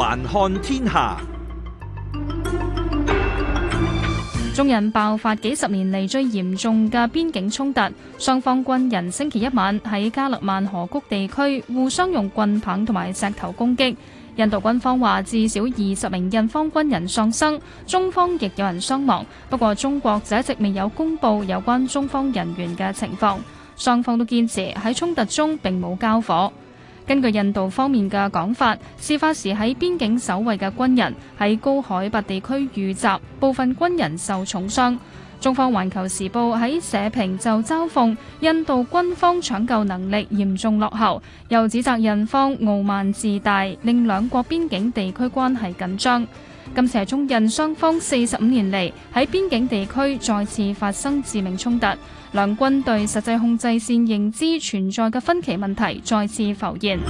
環看天下，眾人爆發幾十年嚟最嚴重嘅邊境衝突，雙方軍人星期一晚喺加勒曼河谷地區互相用棍棒同埋石頭攻擊。印度軍方話至少二十名印方軍人喪生，中方亦有人傷亡。不過中國就一直未有公布有關中方人員嘅情況。雙方都堅持喺衝突中並冇交火。根據印度方面嘅講法，事發時喺邊境守衛嘅軍人喺高海拔地區遇襲，部分軍人受重傷。中方《環球時報》喺社評就嘲諷印度軍方搶救能力嚴重落後，又指責印方傲慢自大，令兩國邊境地區關係緊張。今次係中印雙方四十五年嚟喺邊境地區再次發生致命衝突，兩軍對實際控制線認知存在嘅分歧問題再次浮現。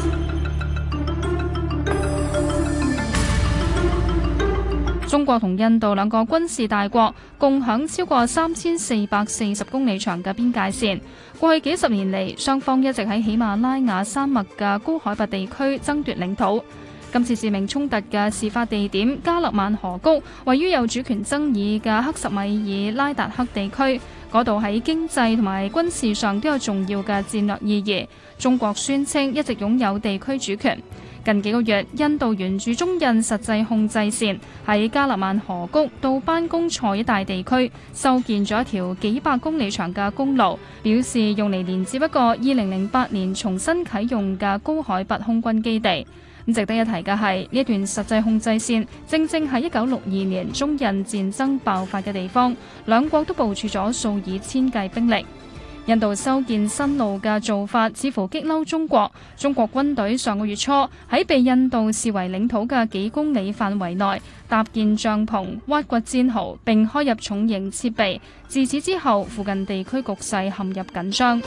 中國同印度兩個軍事大國共享超過三千四百四十公里長嘅邊界線，過去幾十年嚟，雙方一直喺喜馬拉雅山脈嘅高海拔地區爭奪領土。今次致命衝突嘅事發地點加勒萬河谷，位於有主權爭議嘅克什米爾拉達克地區，嗰度喺經濟同埋軍事上都有重要嘅戰略意義。中國宣稱一直擁有地區主權。近幾個月，印度沿住中印實際控制線喺加勒萬河谷到班公錯一帶地區，修建咗一條幾百公里長嘅公路，表示用嚟連接一個二零零八年重新啟用嘅高海拔空軍基地。值得一提嘅係，呢段實際控制線正正係一九六二年中印戰爭爆發嘅地方，兩國都部署咗數以千計兵力。印度修建新路嘅做法似乎激嬲中國。中國軍隊上個月初喺被印度視為領土嘅幾公里範圍內搭建帳篷、挖掘戰壕並開入重型設備。自此之後，附近地區局勢陷入緊張。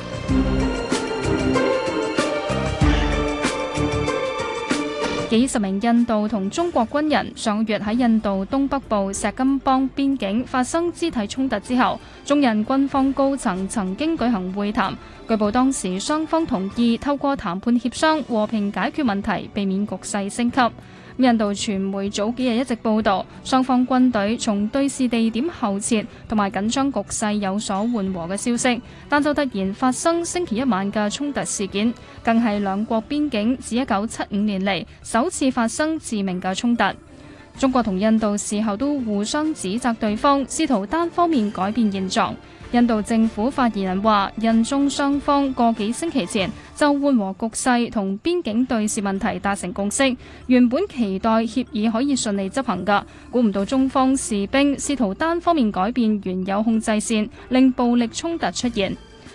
幾十名印度同中國軍人上月喺印度東北部錫金邦邊境發生肢體衝突之後，中印軍方高層曾經舉行會談，據報當時雙方同意透過談判協商和平解決問題，避免局勢升級。印度傳媒早幾日一直報導，雙方軍隊從對峙地點後撤，同埋緊張局勢有所緩和嘅消息，但就突然發生星期一晚嘅衝突事件，更係兩國邊境自一九七五年嚟首次發生致命嘅衝突。中國同印度事後都互相指責對方，試圖單方面改變現狀。印度政府發言人話，印中雙方個幾星期前就緩和局勢同邊境對峙問題達成共識，原本期待協議可以順利執行噶，估唔到中方士兵試圖單方面改變原有控制線，令暴力衝突出現。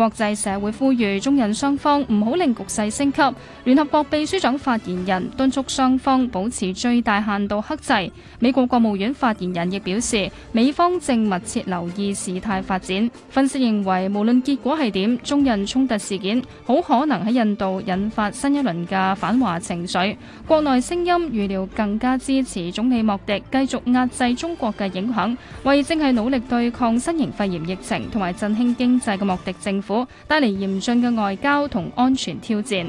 國際社會呼籲中印雙方唔好令局勢升級。聯合國秘書長發言人敦促雙方保持最大限度克制。美國國務院發言人亦表示，美方正密切留意事態發展。分析認為，無論結果係點，中印衝突事件好可能喺印度引發新一輪嘅反華情緒。國內聲音預料更加支持總理莫迪繼續壓制中國嘅影響，為正係努力對抗新型肺炎疫情同埋振興經濟嘅莫迪政府。帶嚟嚴峻嘅外交同安全挑戰。